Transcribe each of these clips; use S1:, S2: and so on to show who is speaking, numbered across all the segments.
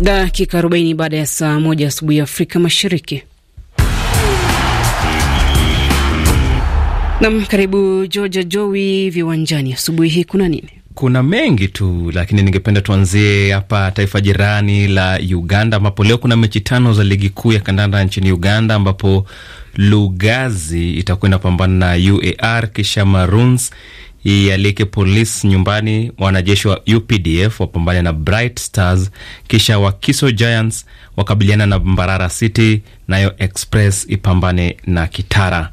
S1: Dakika 40 baada ya saa moja asubuhi ya Afrika Mashariki. Nam, karibu Georgia Jowi viwanjani asubuhi hii, kuna nini?
S2: Kuna mengi tu, lakini ningependa tuanzie hapa taifa jirani la Uganda, ambapo leo kuna mechi tano za ligi kuu ya kandanda nchini Uganda, ambapo Lugazi itakuwa inapambana na UAR, kisha Maroons ialike polisi nyumbani, wanajeshi wa UPDF wapambane na Bright Stars, kisha Wakiso Giants wakabiliana na Mbarara City, nayo Express ipambane na Kitara.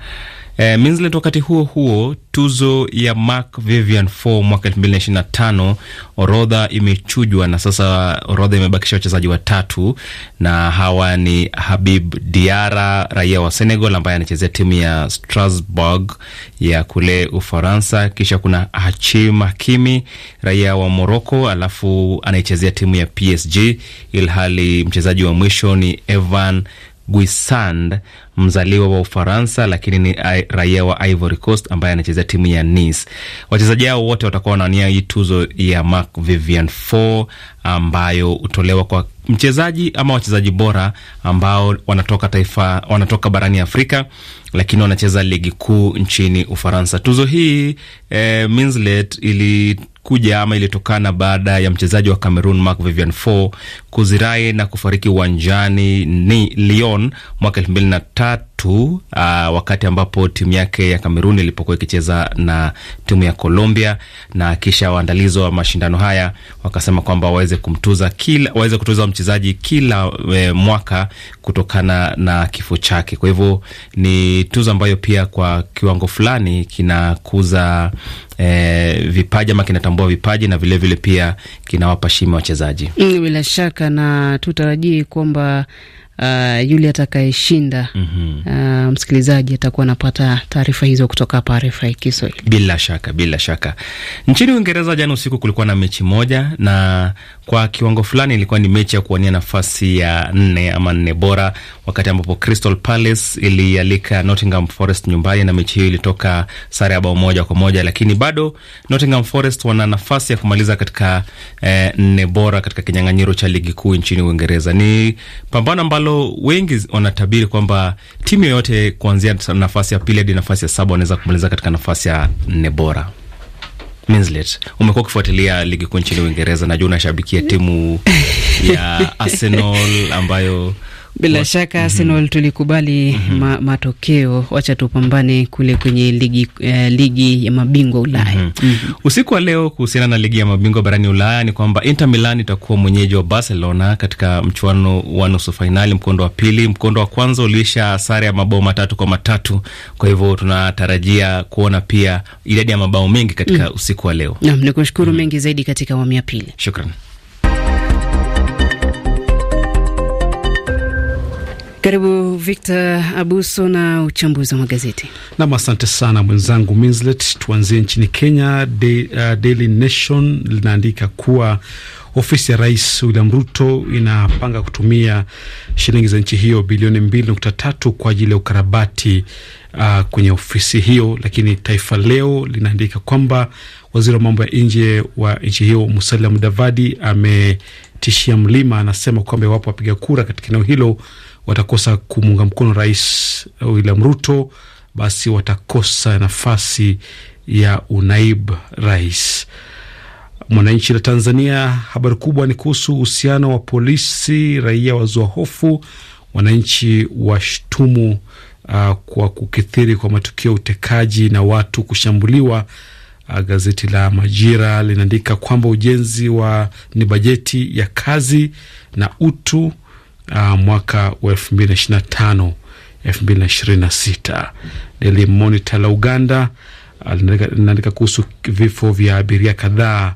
S2: Eh, Minslet, wakati huo huo tuzo ya Mark Vivian Foe mwaka 2025 orodha imechujwa na sasa orodha imebakisha wachezaji watatu, na hawa ni Habib Diara, raia wa Senegal ambaye anachezea timu ya Strasbourg ya kule Ufaransa. Kisha kuna Hachim Hakimi, raia wa Morocco, alafu anaichezea timu ya PSG, ilhali mchezaji wa mwisho ni Evan Guisand mzaliwa wa Ufaransa lakini ni raia wa Ivory Coast ambaye anachezea timu ya Nice. Wachezaji hao wote watakuwa wanawania hii tuzo ya Marc Vivien Foe ambayo hutolewa kwa mchezaji ama wachezaji bora ambao wanatoka taifa, wanatoka barani Afrika lakini wanacheza ligi kuu nchini Ufaransa. Tuzo hii eh, Minslet ili kuja ama ilitokana baada ya mchezaji wa Cameroon Marc Vivien Foe kuzirai na kufariki uwanjani ni Lyon mwaka elfu mbili na tatu uh, wakati ambapo timu yake ya Kameruni ilipokuwa ikicheza na timu ya Colombia, na kisha waandalizi wa mashindano haya wakasema kwamba waweze kumtuza kila waweze kutuza mchezaji kila e, mwaka kutokana na kifo chake. Kwa hivyo ni tuzo ambayo pia kwa kiwango fulani kinakuza e, vipaji ama kinatambua vipaji na vilevile vile pia kinawapa shime wachezaji
S1: mm, bila shaka haraka na tutarajii kwamba uh, yule atakayeshinda mm -hmm. uh, msikilizaji atakuwa anapata taarifa hizo kutoka hapa RFI Kiswahili.
S2: Bila shaka, bila shaka. Nchini Uingereza jana usiku kulikuwa na mechi moja, na kwa kiwango fulani ilikuwa ni mechi ya kuwania nafasi ya nne ama nne bora, wakati ambapo Crystal Palace ilialika Nottingham Forest nyumbani na mechi hiyo ilitoka sare ya bao moja kwa moja, lakini bado Nottingham Forest wana nafasi ya kumaliza katika eh, nne bora katika kinyang'anyiro cha ligi kuu nchini Uingereza. Ni pambano ambalo wengi wanatabiri kwamba timu yoyote kuanzia nafasi ya pili hadi nafasi ya saba wanaweza kumaliza katika nafasi ya nne bora. Minslet, umekuwa ukifuatilia ligi kuu nchini Uingereza, najua unashabikia timu ya Arsenal ambayo bila Wat... shaka mm
S1: -hmm. tulikubali mm -hmm. ma, matokeo. Wacha tupambane kule kwenye ligi, eh, ligi ya mabingwa Ulaya mm -hmm.
S2: mm -hmm. usiku wa leo. Kuhusiana na ligi ya mabingwa barani Ulaya ni kwamba Inter Milan itakuwa mwenyeji wa Barcelona katika mchuano wa nusu fainali mkondo wa pili. Mkondo wa kwanza uliisha sare ya mabao matatu kwa matatu, kwa hivyo tunatarajia kuona pia idadi ya mabao mengi katika mm. usiku wa leo.
S1: Naam, nikushukuru mm -hmm. mengi zaidi katika awamu ya pili. Shukran. Karibu Victor Abuso na uchambuzi wa magazeti
S3: nam. Asante sana mwenzangu Minslet. Tuanzie nchini Kenya. De, uh, Daily Nation linaandika kuwa ofisi ya Rais William Ruto inapanga kutumia shilingi za nchi hiyo bilioni mbili nukta tatu kwa ajili ya ukarabati uh, kwenye ofisi hiyo. Lakini Taifa Leo linaandika kwamba waziri wa mambo ya nje wa nchi hiyo Musalia Mudavadi ame tishia mlima. Anasema kwamba iwapo wapiga kura katika eneo hilo watakosa kumuunga mkono Rais William Ruto, basi watakosa nafasi ya unaib rais. Mwananchi la Tanzania, habari kubwa ni kuhusu uhusiano wa polisi raia wazua hofu, wananchi washtumu uh, kwa kukithiri kwa matukio ya utekaji na watu kushambuliwa Gazeti la Majira linaandika kwamba ujenzi wa ni bajeti ya kazi na utu uh, mwaka wa elfu mbili na ishirini na tano elfu mbili na ishirini na sita Daily Monitor la Uganda linaandika kuhusu vifo vya abiria kadhaa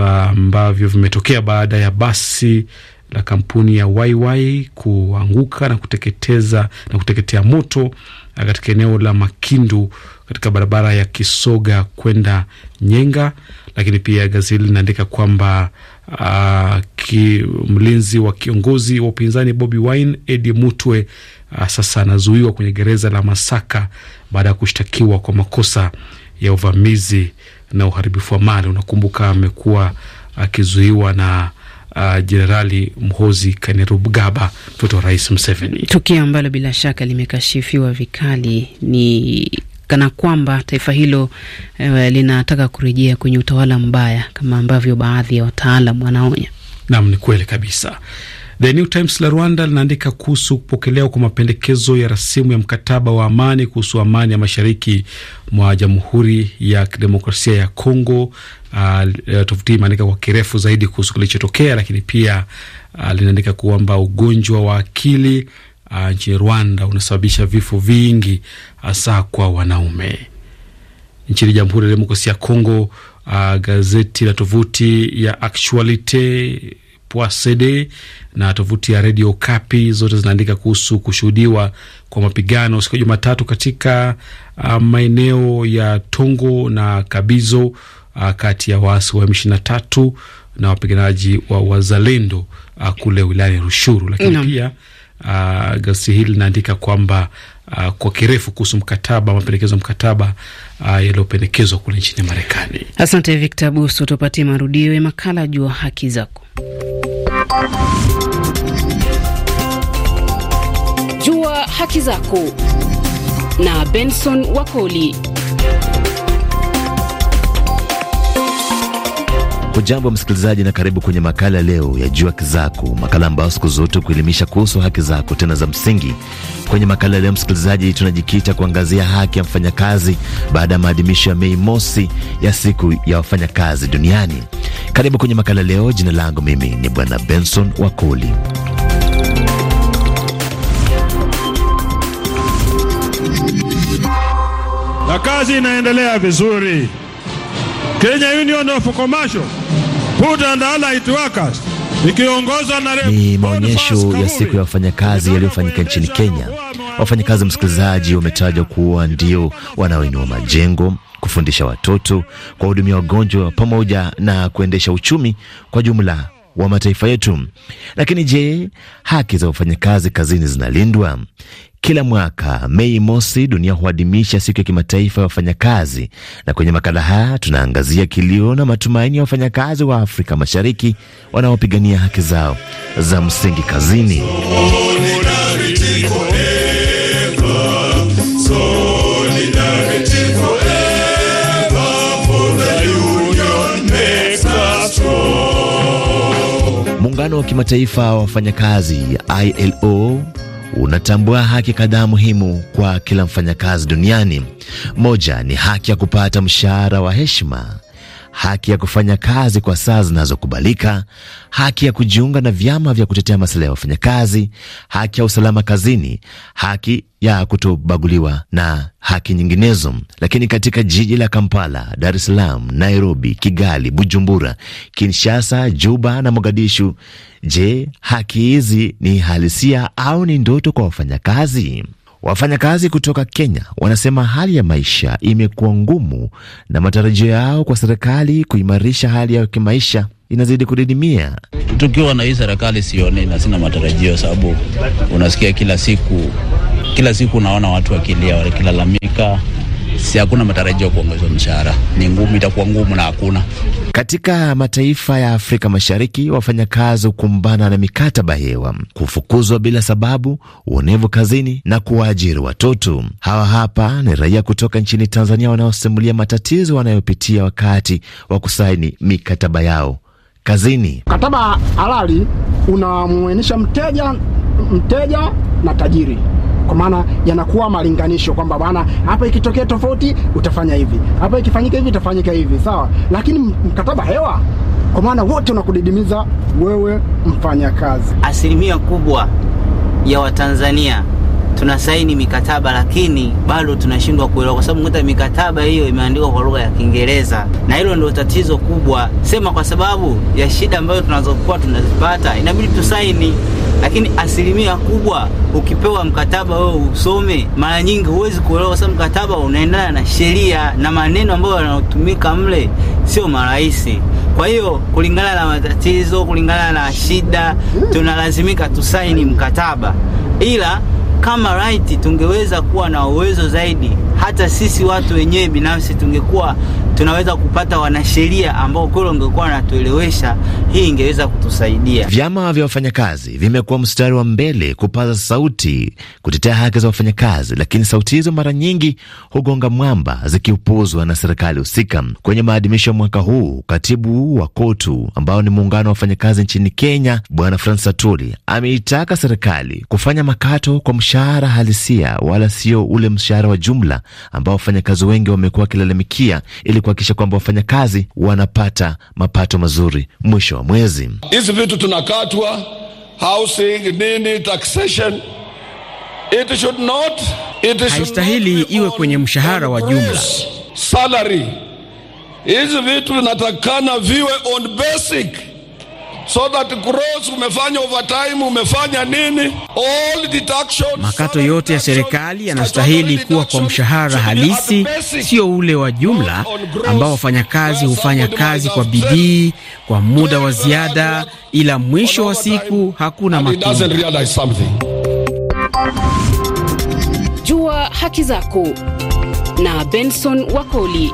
S3: ambavyo uh, vimetokea baada ya basi la kampuni ya YY kuanguka na kuteketeza na kuteketea moto uh, katika eneo la Makindu katika barabara ya Kisoga kwenda Nyenga. Lakini pia gazeti linaandika kwamba uh, ki, mlinzi wa kiongozi wa upinzani Bobi Wine Eddie Mutwe uh, sasa anazuiwa kwenye gereza la Masaka baada ya kushtakiwa kwa makosa ya uvamizi na uharibifu wa mali. Unakumbuka amekuwa akizuiwa na Ah, Jenerali uh, Mhozi Kainerugaba, mtoto wa Rais Museveni,
S1: tukio ambalo bila shaka limekashifiwa vikali ni kana kwamba taifa hilo eh, linataka kurejea kwenye utawala mbaya kama ambavyo baadhi ya wataalam wanaonya.
S3: Naam, ni kweli kabisa. The New Times la Rwanda linaandika kuhusu kupokelewa kwa mapendekezo ya rasimu ya mkataba wa amani kuhusu amani ya mashariki mwa Jamhuri ya Kidemokrasia ya Kongo. Uh, tovuti imeandika kwa kirefu zaidi kuhusu kilichotokea, lakini pia uh, linaandika kwamba ugonjwa wa akili uh, nchini Rwanda unasababisha vifo vingi hasa kwa wanaume nchini Jamhuri ya Demokrasia ya Kongo. Uh, gazeti la tovuti ya Actualite CD na tovuti ya redio Kapi zote zinaandika kuhusu kushuhudiwa kwa mapigano siku ya Jumatatu katika uh, maeneo ya Tongo na Kabizo uh, kati ya waasi wa M23 na wapiganaji wa Wazalendo uh, kule wilayani Rushuru, lakini no. pia uh, gazeti hili linaandika kwamba uh, kwa kirefu kuhusu mkataba mapendekezo ya mkataba uh, yaliyopendekezwa kule nchini Marekani.
S1: Asante Victor Buso, tupatie marudio ya makala Jua Haki Zako. Jua Haki Zako na Benson Wakoli.
S4: Hujambo msikilizaji, na karibu kwenye makala leo ya Jua Haki Zako, makala ambayo siku zote kuelimisha kuhusu haki zako tena za msingi Kwenye makala leo, msikilizaji, tunajikita kuangazia haki ya mfanyakazi baada ya maadhimisho ya Mei Mosi ya siku ya wafanyakazi duniani. Karibu kwenye makala leo. Jina langu mimi ni Bwana Benson Wakoli.
S3: Na kazi inaendelea vizuri. Kenya Union of Commercial Food and Allied Workers
S4: ni maonyesho ya siku ya wafanyakazi yaliyofanyika nchini Kenya. Wafanyakazi, msikilizaji, wametajwa kuwa ndio wanaoinua majengo, kufundisha watoto, kuwahudumia wagonjwa, pamoja na kuendesha uchumi kwa jumla wa mataifa yetu. Lakini je, haki za wafanyakazi kazini zinalindwa? Kila mwaka Mei Mosi, dunia huadhimisha siku ya kimataifa ya wafanyakazi, na kwenye makala haya tunaangazia kilio na matumaini ya wafanyakazi wa Afrika Mashariki wanaopigania haki zao za msingi kazini. Muungano wa Kimataifa wa Wafanyakazi ILO unatambua haki kadhaa muhimu kwa kila mfanyakazi duniani. Moja ni haki ya kupata mshahara wa heshima haki ya kufanya kazi kwa saa zinazokubalika, haki ya kujiunga na vyama vya kutetea masuala ya wafanyakazi, haki ya usalama kazini, haki ya kutobaguliwa na haki nyinginezo. Lakini katika jiji la Kampala, Dar es Salaam, Nairobi, Kigali, Bujumbura, Kinshasa, Juba na Mogadishu, je, haki hizi ni halisia au ni ndoto kwa wafanyakazi? Wafanyakazi kutoka Kenya wanasema hali ya maisha imekuwa ngumu na matarajio yao kwa serikali kuimarisha hali ya kimaisha inazidi kudidimia.
S2: Tukiwa na hii serikali
S4: sioni na sina matarajio, sababu unasikia kila siku, kila siku unaona watu wakilia, wakilalamika si hakuna matarajio ya kuongezwa mshahara, ni ngumu, itakuwa ngumu na hakuna. Katika mataifa ya Afrika Mashariki, wafanyakazi hukumbana na mikataba hewa, kufukuzwa bila sababu, uonevu kazini na kuwaajiri watoto. Hawa hapa ni raia kutoka nchini Tanzania wanaosimulia matatizo wanayopitia wakati wa kusaini mikataba yao kazini.
S3: Mkataba halali unamwonyesha mteja mteja na tajiri kwa maana yanakuwa malinganisho kwamba bwana, hapa ikitokea tofauti utafanya hivi, hapa ikifanyika hivi utafanyika hivi, sawa. Lakini mkataba hewa, kwa maana wote unakudidimiza wewe mfanyakazi.
S2: Asilimia kubwa ya Watanzania tunasaini mikataba lakini bado tunashindwa kuelewa, kwa sababu kuta mikataba hiyo imeandikwa kwa lugha ya Kiingereza, na hilo ndio tatizo kubwa sema, kwa sababu ya shida ambayo tunazokuwa tunazipata, inabidi tusaini lakini asilimia kubwa ukipewa mkataba wewe usome, mara nyingi huwezi kuelewa, sababu mkataba unaendana na sheria na maneno ambayo yanayotumika mle sio marahisi. Kwa hiyo kulingana na matatizo, kulingana na shida, tunalazimika tusaini mkataba, ila kama right tungeweza kuwa na uwezo zaidi, hata sisi watu wenyewe binafsi tungekuwa tunaweza kupata wanasheria ambao kweli wangekuwa wanatuelewesha, hii ingeweza kutusaidia.
S4: Vyama vya wafanyakazi vimekuwa mstari wa mbele kupaza sauti kutetea haki za wafanyakazi, lakini sauti hizo mara nyingi hugonga mwamba, zikiupuzwa na serikali husika. Kwenye maadhimisho ya mwaka huu, katibu wa KOTU ambao ni muungano wa wafanyakazi nchini Kenya, Bwana Francis Atuli ameitaka serikali kufanya makato kwa mshahara halisia, wala sio ule mshahara wa jumla ambao wafanyakazi wengi wamekuwa wakilalamikia ili kuhakikisha kwamba wafanyakazi wanapata mapato mazuri mwisho wa mwezi.
S3: Hizi vitu tunakatwa housing nini taxation It should not, it should haistahili not iwe kwenye mshahara wa jumla salary. Hizi vitu vinatakana viwe on basic so that gross umefanya overtime umefanya nini, all deductions.
S2: Makato yote ya serikali yanastahili kuwa kwa mshahara halisi, sio ule wa jumla ambao wafanyakazi hufanya kazi kwa bidii kwa muda wa ziada, ila mwisho wa siku
S3: hakuna matunda.
S1: Jua haki zako na Benson Wakoli.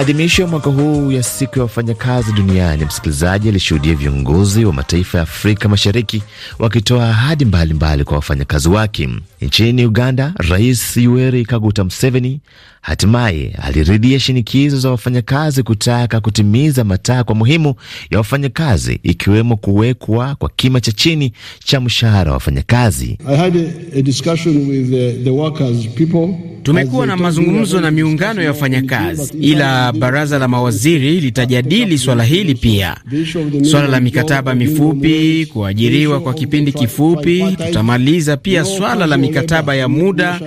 S4: maadhimisho ya mwaka huu ya siku ya wafanyakazi duniani, msikilizaji alishuhudia viongozi wa mataifa ya Afrika Mashariki wakitoa ahadi mbalimbali kwa wafanyakazi wake. Nchini Uganda, Rais Yoweri Kaguta Museveni hatimaye aliridhia shinikizo za wafanyakazi kutaka kutimiza matakwa muhimu ya wafanyakazi, ikiwemo kuwekwa kwa kima cha chini cha mshahara wa wafanyakazi.
S3: Tumekuwa na mazungumzo na miungano ya wafanyakazi ila
S2: baraza la mawaziri litajadili swala hili pia. Swala la mikataba mifupi, kuajiriwa kwa kipindi kifupi, tutamaliza pia swala la mikataba ya muda,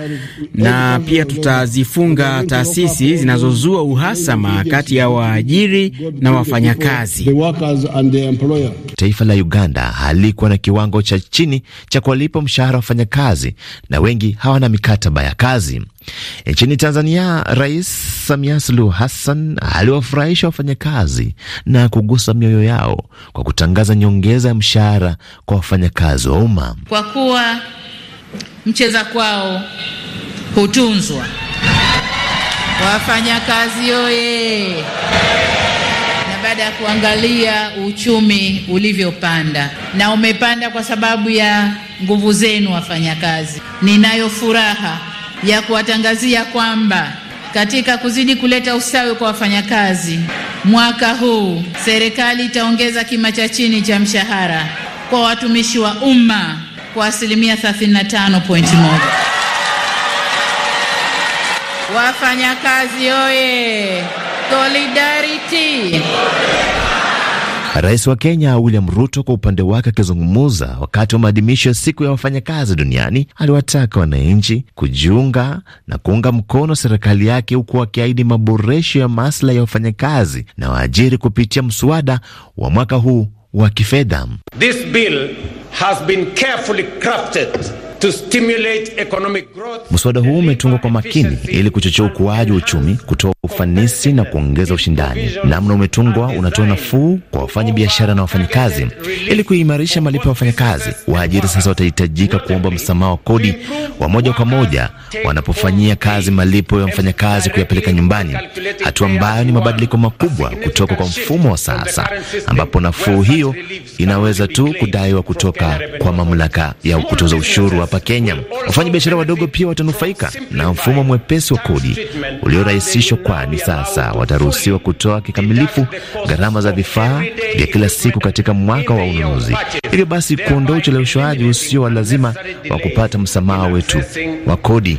S2: na pia tutazifunga taasisi zinazozua uhasama
S4: kati ya waajiri na wafanyakazi. Taifa la Uganda halikuwa na kiwango cha chini cha kuwalipa mshahara wafanyakazi, na wengi hawana mikataba ya kazi. Nchini e, Tanzania, Rais Samia Suluhu Hassan aliwafurahisha wafanyakazi na kugusa mioyo yao kwa kutangaza nyongeza ya mshahara kwa wafanyakazi wa umma.
S1: Kwa kuwa mcheza kwao hutunzwa, wafanyakazi oye! Na baada ya kuangalia uchumi ulivyopanda, na umepanda kwa sababu ya nguvu zenu wafanyakazi, ninayo furaha ya kuwatangazia kwamba katika kuzidi kuleta ustawi kwa wafanyakazi, mwaka huu serikali itaongeza kima cha chini cha mshahara kwa watumishi wa umma kwa asilimia 35.1. Wafanyakazi oye! Solidarity!
S4: Rais wa Kenya William Ruto kwa upande wake, akizungumza wakati wa maadhimisho ya siku ya wafanyakazi duniani, aliwataka wananchi kujiunga na kuunga mkono serikali yake, huku akiahidi maboresho ya maslahi ya wafanyakazi na waajiri kupitia mswada wa mwaka huu wa kifedha. Mswada huu umetungwa kwa makini ili kuchochea ukuaji wa uchumi, kutoa ufanisi na kuongeza ushindani. Namna umetungwa unatoa nafuu kwa wafanyabiashara na wafanyakazi. Ili kuimarisha malipo ya wafanyakazi, waajiri sasa watahitajika kuomba msamaha wa kodi wa moja kwa moja wanapofanyia kazi malipo ya mfanyakazi kuyapeleka nyumbani, hatua ambayo ni mabadiliko makubwa kutoka kwa mfumo wa sasa ambapo nafuu hiyo inaweza tu kudaiwa kutoka kwa mamlaka ya kutoza ushuru hapa Kenya. Wafanyabiashara wadogo pia watanufaika na mfumo mwepesi wa kodi uliorahisishwa kwa kwani sasa wataruhusiwa kutoa kikamilifu gharama za vifaa vya kila siku katika mwaka wa ununuzi hivyo basi kuondoa ucheleweshwaji usio wa lazima wa kupata msamaha wetu wa kodi.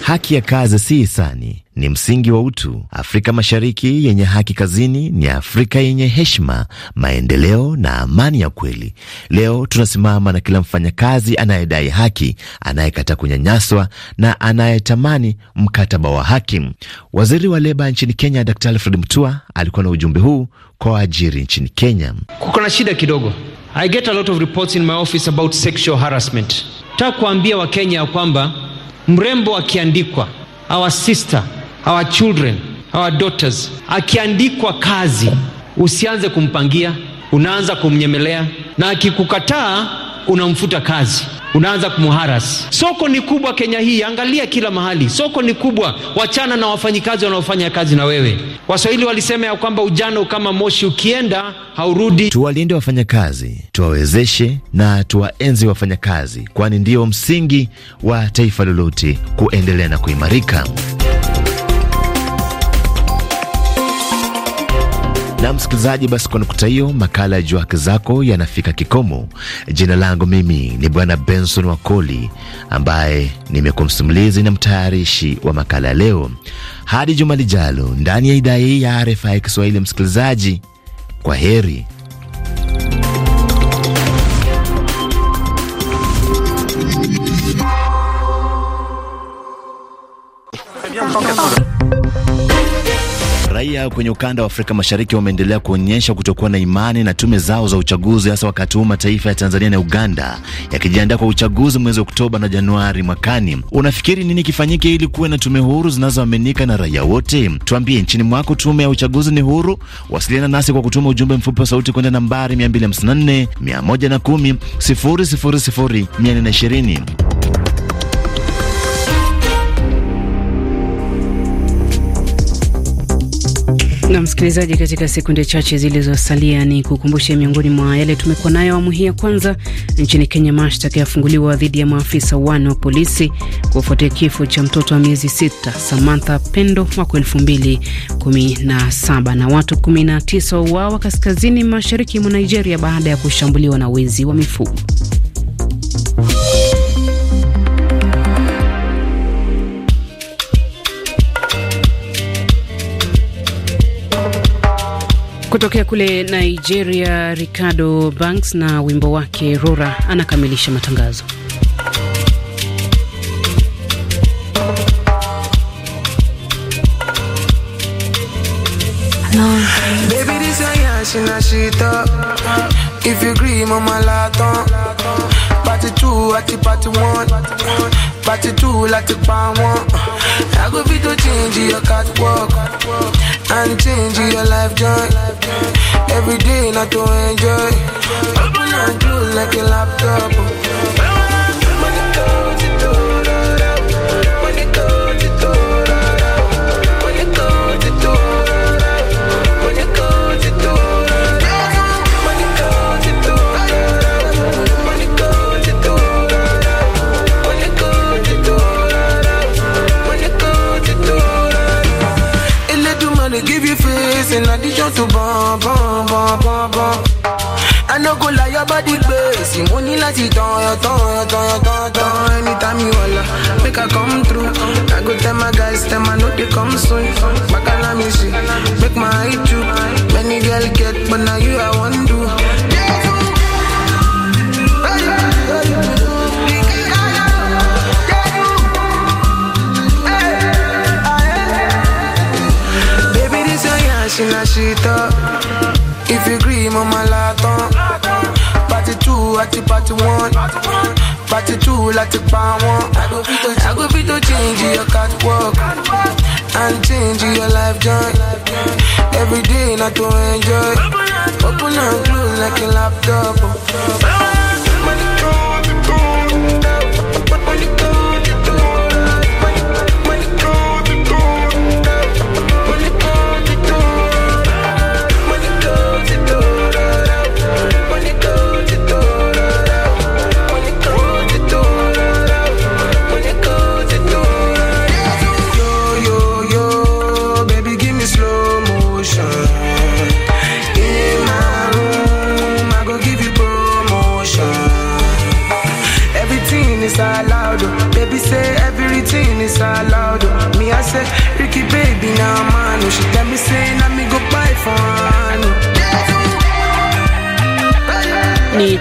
S4: Haki ya kazi si hisani, ni msingi wa utu. Afrika Mashariki yenye haki kazini ni Afrika yenye heshima, maendeleo na amani ya kweli. Leo tunasimama na kila mfanyakazi anayedai haki, anayekata kunyanyaswa na anayetamani mkataba wa haki. Waziri wa leba nchini Kenya, d Alfred Mutua alikuwa na ujumbe huu kwa waajiri nchini Kenya.
S2: Kuko na shida kidogo. I get a lot of reports in my office about sexual harassment. Nataka kuambia Wakenya ya kwamba mrembo akiandikwa, our sister, our children, our daughters, akiandikwa kazi, usianze kumpangia, unaanza kumnyemelea, na akikukataa unamfuta kazi unaanza kumharas. Soko ni kubwa Kenya hii, angalia kila mahali, soko ni kubwa. Wachana na wafanyikazi wanaofanya kazi na wewe. Waswahili walisema ya kwamba ujana kama moshi, ukienda haurudi.
S4: Tuwalinde wafanyakazi, tuwawezeshe na tuwaenzi wafanyakazi, kwani ndio msingi wa taifa lolote kuendelea na kuimarika. msikilizaji, basi kwa nukuta hiyo, makala ya Jua Haki Zako yanafika kikomo. Jina langu mimi ni Bwana Benson Wakoli, ambaye nimekuwa msimulizi na mtayarishi wa makala leo. Hadi juma lijalo ndani ya idhaa hii ya RFI Kiswahili, msikilizaji, kwa heri. Raia kwenye ukanda wa Afrika Mashariki wameendelea kuonyesha kutokuwa na imani na tume zao za uchaguzi, hasa wakati huu mataifa ya Tanzania na Uganda yakijiandaa kwa uchaguzi mwezi Oktoba na Januari mwakani. Unafikiri nini kifanyike ili kuwe na tume huru zinazoaminika na raia wote? Tuambie nchini mwako tume ya uchaguzi ni huru? Wasiliana nasi kwa kutuma ujumbe mfupi wa sauti kwenda nambari 254 110 000 420.
S1: Na msikilizaji, katika sekunde chache zilizosalia, ni kukumbushe miongoni mwa yale tumekuwa nayo awamu hii ya kwanza. Nchini Kenya, mashtaka yafunguliwa dhidi ya maafisa wane wa polisi kufuatia kifo cha mtoto wa miezi sita Samantha Pendo mwaka elfu mbili kumi na saba na watu kumi na tisa wauawa kaskazini mashariki mwa Nigeria baada ya kushambuliwa na wezi wa mifugo. Kutokea kule Nigeria, Ricardo Banks na wimbo wake Rora anakamilisha matangazo.
S5: No. 42 like the pound one. I go fit to change your catwalk and change your life joy. Every day not to enjoy. Open and close like a laptop. I no go lie, your body base. bọ́dí gbé èsì mo your, láti your, ọyọ your, ọyọ tán ọyọ tán ọyọ anytime you holla, make i come through i go tell my guys tell my no they come soon gbàkálà me see, make my eye ju many girl get but now you i wan do. she na she talk if you agree, mama laton. Uh. Party two, at the party one. Party two, like the bar one. I go fit to change your catwalk and change your life joy. Every day, not to enjoy. Open and close like a laptop. Money come, money come, money come.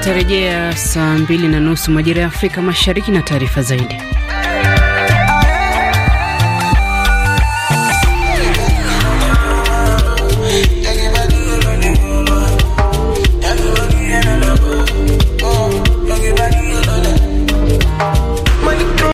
S1: Tutarejea saa mbili na nusu majira ya Afrika Mashariki na taarifa zaidi.